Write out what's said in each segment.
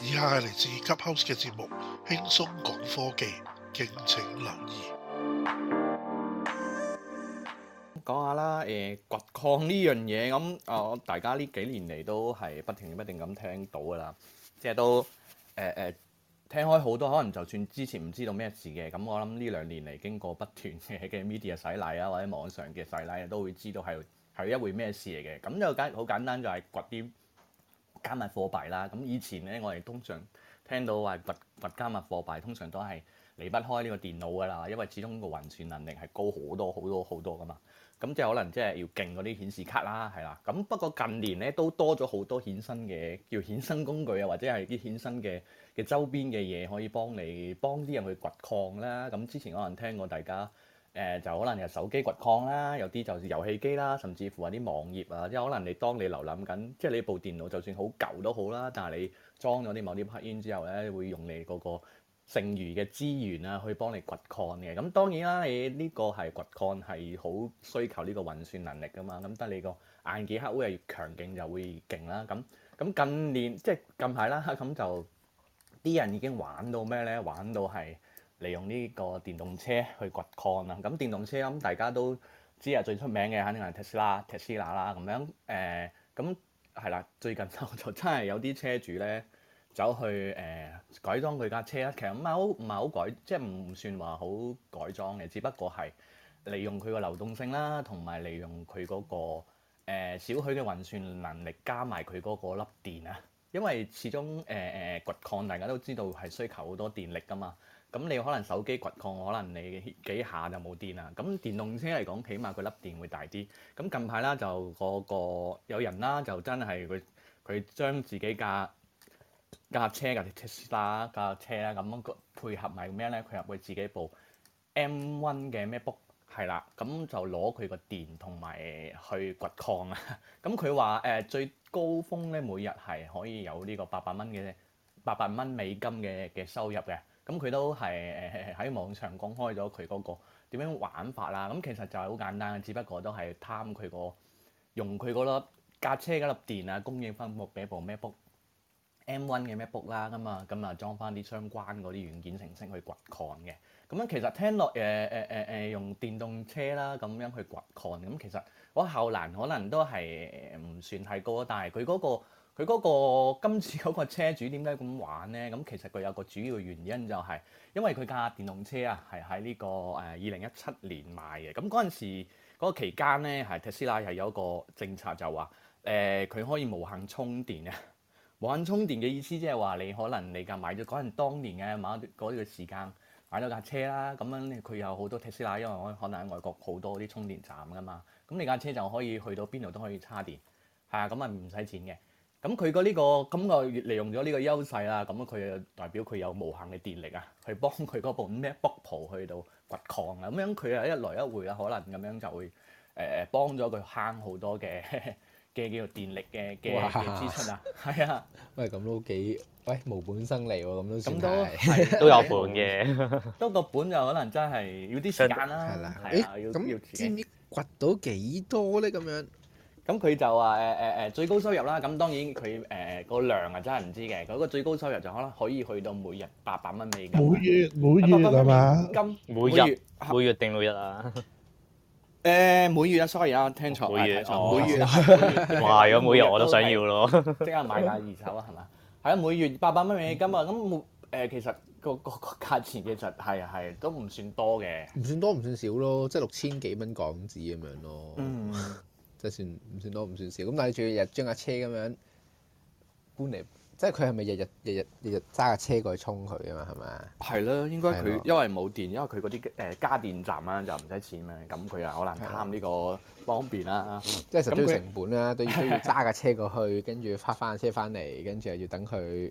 以下係嚟自 Clubhouse 嘅節目，輕鬆講科技，敬請留意。講下啦，誒、呃，掘礦呢樣嘢咁，啊、呃，大家呢幾年嚟都係不停、不斷咁聽到噶啦，即係都，誒、呃、誒，聽開好多，可能就算之前唔知道咩事嘅，咁我諗呢兩年嚟經過不斷嘅嘅 media 洗禮啊，或者網上嘅洗禮，都會知道係係一回咩事嚟嘅。咁就簡好簡單就係掘啲。加密貨幣啦，咁以前呢，我哋通常聽到話掘掘加密貨幣，通常都係離不開呢個電腦噶啦，因為始終個運算能力係高好多好多好多噶嘛。咁即係可能即係要勁嗰啲顯示卡啦，係啦。咁不過近年呢，都多咗好多衍生嘅叫衍生工具啊，或者係啲衍生嘅嘅周邊嘅嘢可以幫你幫啲人去掘礦啦。咁之前可能聽過大家。誒、呃、就可能有手機掘礦啦，有啲就遊戲機啦，甚至乎係啲網頁啊，即係可能你當你瀏覽緊，即係你部電腦就算好舊都好啦，但係你裝咗啲某啲 plugin 之後咧，會用你個個剩餘嘅資源啊，去幫你掘礦嘅。咁當然啦，你呢個係掘礦係好需求呢個運算能力噶嘛。咁得你個硬件黑會越強勁就會勁啦。咁、嗯、咁、嗯、近年即係近排啦，咁、嗯、就啲人已經玩到咩咧？玩到係～利用呢個電動車去掘礦啊！咁、嗯、電動車咁大家都知啊，最出名嘅肯定係特斯拉、特斯拉啦咁樣誒。咁係啦，最近我就真係有啲車主咧，走去誒、呃、改裝佢架車啊。其實唔係好唔係好改，即係唔算話好改裝嘅，只不過係利用佢個流動性啦，同埋利用佢嗰、嗰個誒、呃、少許嘅運算能力，加埋佢嗰個粒電啊。因為始終誒誒掘礦，大家都知道係需求好多電力噶嘛。咁你可能手機掘礦，可能你幾下就冇電啦。咁電動車嚟講，起碼佢粒電會大啲。咁近排啦，就嗰個有人啦，就真係佢佢將自己架架車架架車啦，咁配合埋咩咧？佢入去自己部 M1 嘅 MacBook 係啦，咁就攞佢個電同埋去掘礦啊。咁佢話誒最高峰咧，每日係可以有呢個八百蚊嘅八百蚊美金嘅嘅收入嘅。咁佢都係誒喺網上公開咗佢嗰個點樣玩法啦，咁其實就係好簡單嘅，只不過都係貪佢個用佢嗰粒架車嗰粒電啊，供應分布俾部 MacBook M1 嘅 MacBook 啦，咁、嗯、啊，咁、嗯、啊，裝翻啲相關嗰啲軟件程式去掘礦嘅。咁樣其實聽落誒誒誒誒用電動車啦，咁樣去掘礦，咁其實我後欄可能都係唔算係高，但係佢嗰個。佢嗰個今次嗰個車主點解咁玩呢？咁其實佢有個主要嘅原因就係因為佢架電動車啊，係喺呢個誒二零一七年買嘅。咁嗰陣時嗰期間呢，係特斯拉係有一個政策就話誒，佢可以無限充電啊。無限充電嘅意思即係話你可能你架買咗嗰陣當年嘅買嗰段時間買咗架車啦，咁樣佢有好多特斯拉，因為我可能喺外國好多啲充電站噶嘛。咁你架車就可以去到邊度都可以插電，係啊，咁咪唔使錢嘅。咁佢、個呢個咁個利用咗呢個優勢啦，咁佢就代表佢有無限嘅電力啊，去幫佢嗰部咩 Bobo 去到掘礦啊，咁樣佢啊一來一回啊，可能咁樣就會誒、呃、幫咗佢慳好多嘅嘅叫做電力嘅嘅支出啊，係啊，喂咁都幾喂無本生利喎，咁都算係 都有本嘅，不 過本就可能真係要啲時間啦，係啦、欸，咁知唔知掘到幾多咧？咁樣？咁佢就話誒誒誒最高收入啦，咁當然佢誒個量啊真係唔知嘅，嗰個最高收入就可能可以去到每日八百蚊美金。每月每月係嘛？金每月每月定每日啊？誒每月啊，sorry 啊，聽錯。每月錯。每月。係啊，每月我都想要咯，即刻買架二手啊，係嘛？係啊，每月八百蚊美金啊，咁誒其實個個個價錢其實係係都唔算多嘅，唔算多唔算少咯，即係六千幾蚊港紙咁樣咯。嗯。即算唔算多唔算少咁，但係你仲要日將架車咁樣搬嚟，即係佢係咪日日日日日日揸架車過去充佢啊嘛？係咪啊？係囉，應該佢、啊、因為冇電，因為佢嗰啲誒加電站啊就唔使錢嘛，咁佢又可能貪呢個方便啦、啊，啊、他即係實質成本啦、啊，都要揸架車過去，跟住翻翻架車翻嚟，跟住又要等佢，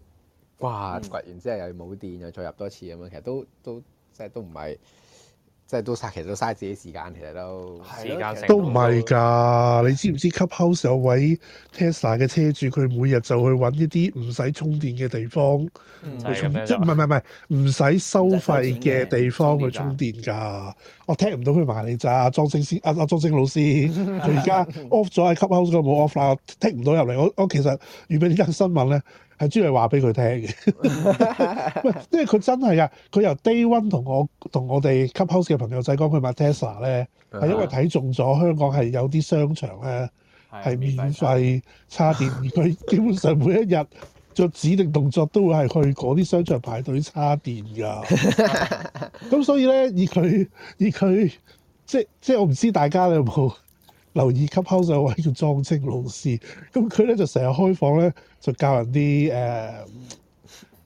哇，掘完之後又冇電，又再入多次咁樣，其實都都即係都唔係，即係都煞，其實都嘥自己時間，其實都時間都唔係㗎，你知唔知吸 House 有位 Tesla 嘅車主，佢每日就去揾一啲唔使充電嘅地方去充，即唔係唔係唔係唔使收費嘅地方去充電㗎。我 t 唔到佢埋嚟咋，莊生先莊生啊啊，莊先老師，佢而家 off 咗喺吸 House 嗰冇 o f f e 我 t 唔到入嚟。我我，我其實預備呢家新聞咧。係專係話俾佢聽嘅，唔係，因為佢真係啊！佢由 Day One 同我同我哋 Clubhouse 嘅朋友仔講，佢話 Tesla 咧係因為睇中咗香港係有啲商場咧係免費叉電，而佢基本上每一日做指定動作都會係去嗰啲商場排隊叉電㗎。咁 所以咧，以佢以佢即即我唔知大家你有冇留意 Clubhouse 有位叫莊青老師，咁佢咧就成日開房咧，就教人啲誒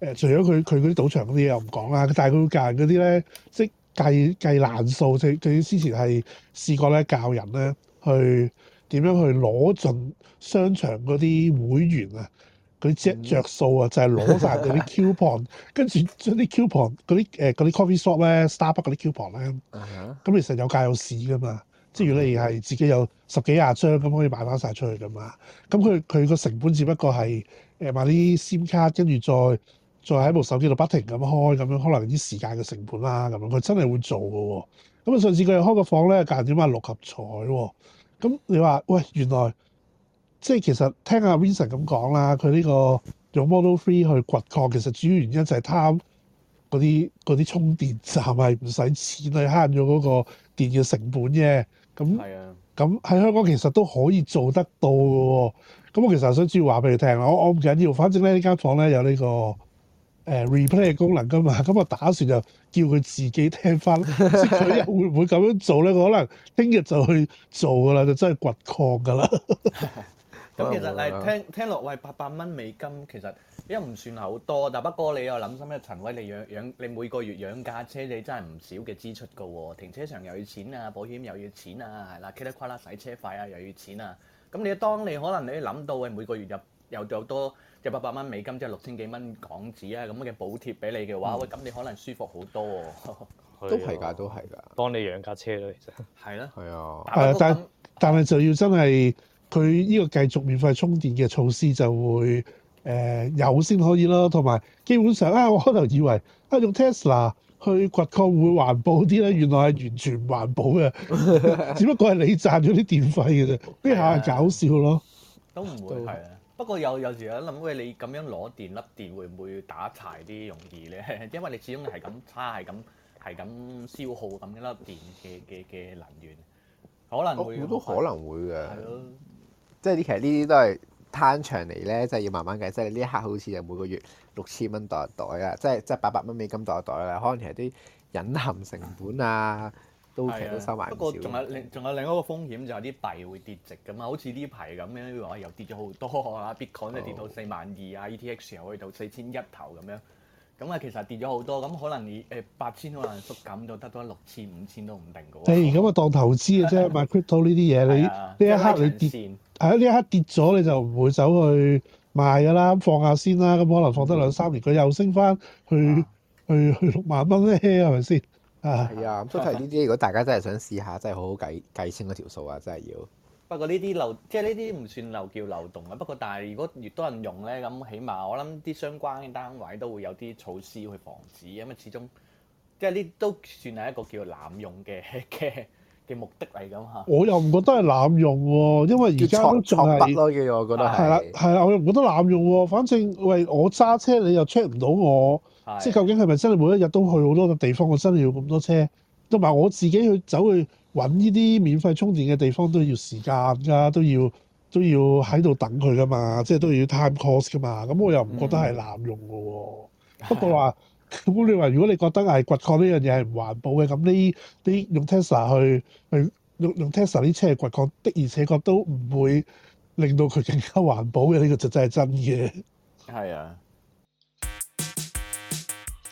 誒，除咗佢佢嗰啲賭場嗰啲嘢又唔講啦，但係佢教人嗰啲咧，即係計計,計難數，就即係佢之前係試過咧教人咧去點樣去攞盡商場嗰啲會員啊，嗰啲即係著數啊，就係攞晒嗰啲 coupon，跟住將啲 coupon 嗰啲誒啲 coffee shop 咧、星巴克嗰啲 coupon 咧，咁其實有價有市噶嘛。即如你係自己有十幾廿張咁可以賣翻晒出去㗎嘛？咁佢佢個成本只不過係誒買啲 SIM 卡，跟住再再喺部手機度不停咁開，咁樣可能啲時間嘅成本啦，咁樣佢真係會做嘅喎、哦。咁啊上次佢又開個房咧，隔日點買六合彩喎、哦？咁你話喂，原來即係其實聽阿 Vincent 咁講啦，佢呢個用 Model Three 去掘礦，其實主要原因就係貪嗰啲嗰啲充電站係唔使錢去慳咗嗰個電嘅成本啫。咁，咁喺香港其實都可以做得到嘅喎、哦。咁我其實想主要話俾你聽，我我唔緊要，反正咧呢間房咧有呢、呢個誒、呃、replay 嘅功能㗎嘛。咁我打算就叫佢自己聽翻，佢又會唔會咁樣做咧？ 可能聽日就去做㗎啦，就真係掘礦㗎啦。 咁、嗯、其實誒聽聽落，喂八百蚊美金，其實又唔算係好多，但不過你又諗深一層，喂你養養你每個月養架車，你真係唔少嘅支出噶喎，停車場又要錢啊，保險又要錢啊，係啦 k e t a k 洗車費啊又要錢啊，咁你當你可能你諗到喂每個月入又又多入八百蚊美金，即係六千幾蚊港紙啊咁嘅補貼俾你嘅話，嗯、喂咁你可能舒服好多喎、哦，都係㗎，都係㗎，幫你養架車咯，其實係咯，係啊，但但係就要真係。 佢呢個繼續免費充電嘅措施就會誒有先可以咯，同埋基本上咧，我開頭以為啊用 Tesla 去掘礦會環保啲咧，原來係完全唔環保嘅，只不過係你賺咗啲電費嘅啫，呢下係搞笑咯。都唔會係啊，不過有有時候諗喂你咁樣攞電粒電會唔會打柴啲容易咧？因為你始終係咁差係咁係咁消耗咁一粒電嘅嘅嘅能源，可能會都可能會嘅，係咯。即係呢，其實呢啲都係攤長嚟咧，即係要慢慢計。即係呢一刻好似就每個月六千蚊袋袋啦，即係即係八百蚊美金袋袋啦。可能其實啲隱含成本啊，都其實都收埋唔少，啊、不過仲有另仲有另一個風險就係啲幣會跌值㗎嘛，好似呢排咁樣，又跌咗好多啊！Bitcoin 又跌到四萬二啊、Oh. ETH 又去到四千一頭咁樣。咁啊，其實跌咗好多，咁可能你誒八千可能縮減，000, 000 hey, 就得多六千五千都唔定嘅喎。誒，咁啊當投資嘅啫， 買 crypto 呢啲嘢，你呢、啊、一刻你跌，係啊呢一刻跌咗你就唔會走去賣㗎啦，放下先啦，咁可能放多兩三年，佢、嗯、又升翻去去去六萬蚊咧 h 係咪先？啊，係啊，咁都提呢啲。啊、 如果大家真係想試下，真係好好計計清嗰條數啊，真係要。不過呢啲漏，即係呢啲唔算漏，叫漏洞，啊。不過但係如果越多人用咧，咁起碼我諗啲相關嘅單位都會有啲措施去防止，因為始終即係呢都算係一個叫濫用嘅嘅嘅目的嚟咁吓。我又唔覺得係濫用喎、哦，因為而家創創多嘅，我覺得係。係啦，係啦，我又唔覺得濫用喎、哦。反正喂，我揸車你又 check 唔到我，的即係究竟係咪真係每一日都去好多個地方？我真係要咁多車，同埋我自己去走去。揾呢啲免費充電嘅地方都要時間㗎，都要都要喺度等佢㗎嘛，即係都要 time cost 㗎嘛。咁我又唔覺得係濫用嘅喎。Mm hmm. 不過話咁， 你話如果你覺得係掘礦呢樣嘢係唔環保嘅，咁呢啲用 Tesla 去去用用 Tesla 啲車去掘礦的而且確都唔會令到佢更加環保嘅呢、呢個就真係真嘅。係 啊。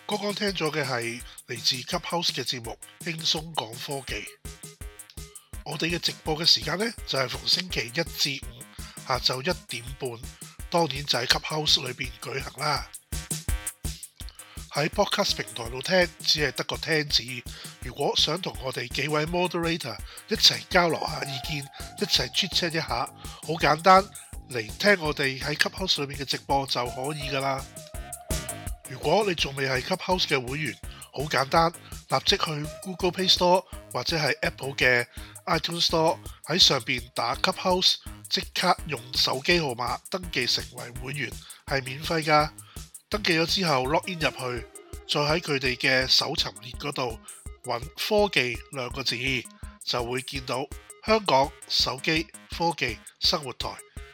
剛剛聽咗嘅係嚟自 Clubhouse 嘅節目《輕鬆講科技》。我哋嘅直播嘅時間呢，就係逢星期一至五下晝一點半，當然就喺 Clubhouse 裏邊舉行啦。喺 Podcast 平台度聽，只係得個聽字。如果想同我哋幾位 Moderator 一齊交流下意見，一齊 ch chat 一下，好簡單，嚟聽我哋喺 Clubhouse 裡面嘅直播就可以噶啦。如果你仲未係 Clubhouse 嘅會員，好簡單，立即去 Google Play Store 或者係 Apple 嘅。iTunes Store 喺上邊打 Clubhouse，即刻用手機號碼登記成為會員，係免費噶。登記咗之後 login 入去，再喺佢哋嘅搜尋列嗰度揾科技兩個字，就會見到香港手機科技生活台。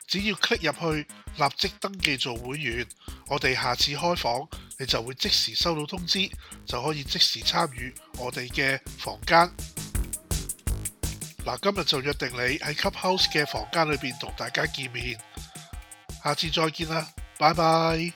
只要 click 入去，立即登記做會員，我哋下次開房你就會即時收到通知，就可以即時參與我哋嘅房間。嗱，今日就約定你喺 Clubhouse 嘅房間裏邊同大家見面，下次再見啦，拜拜。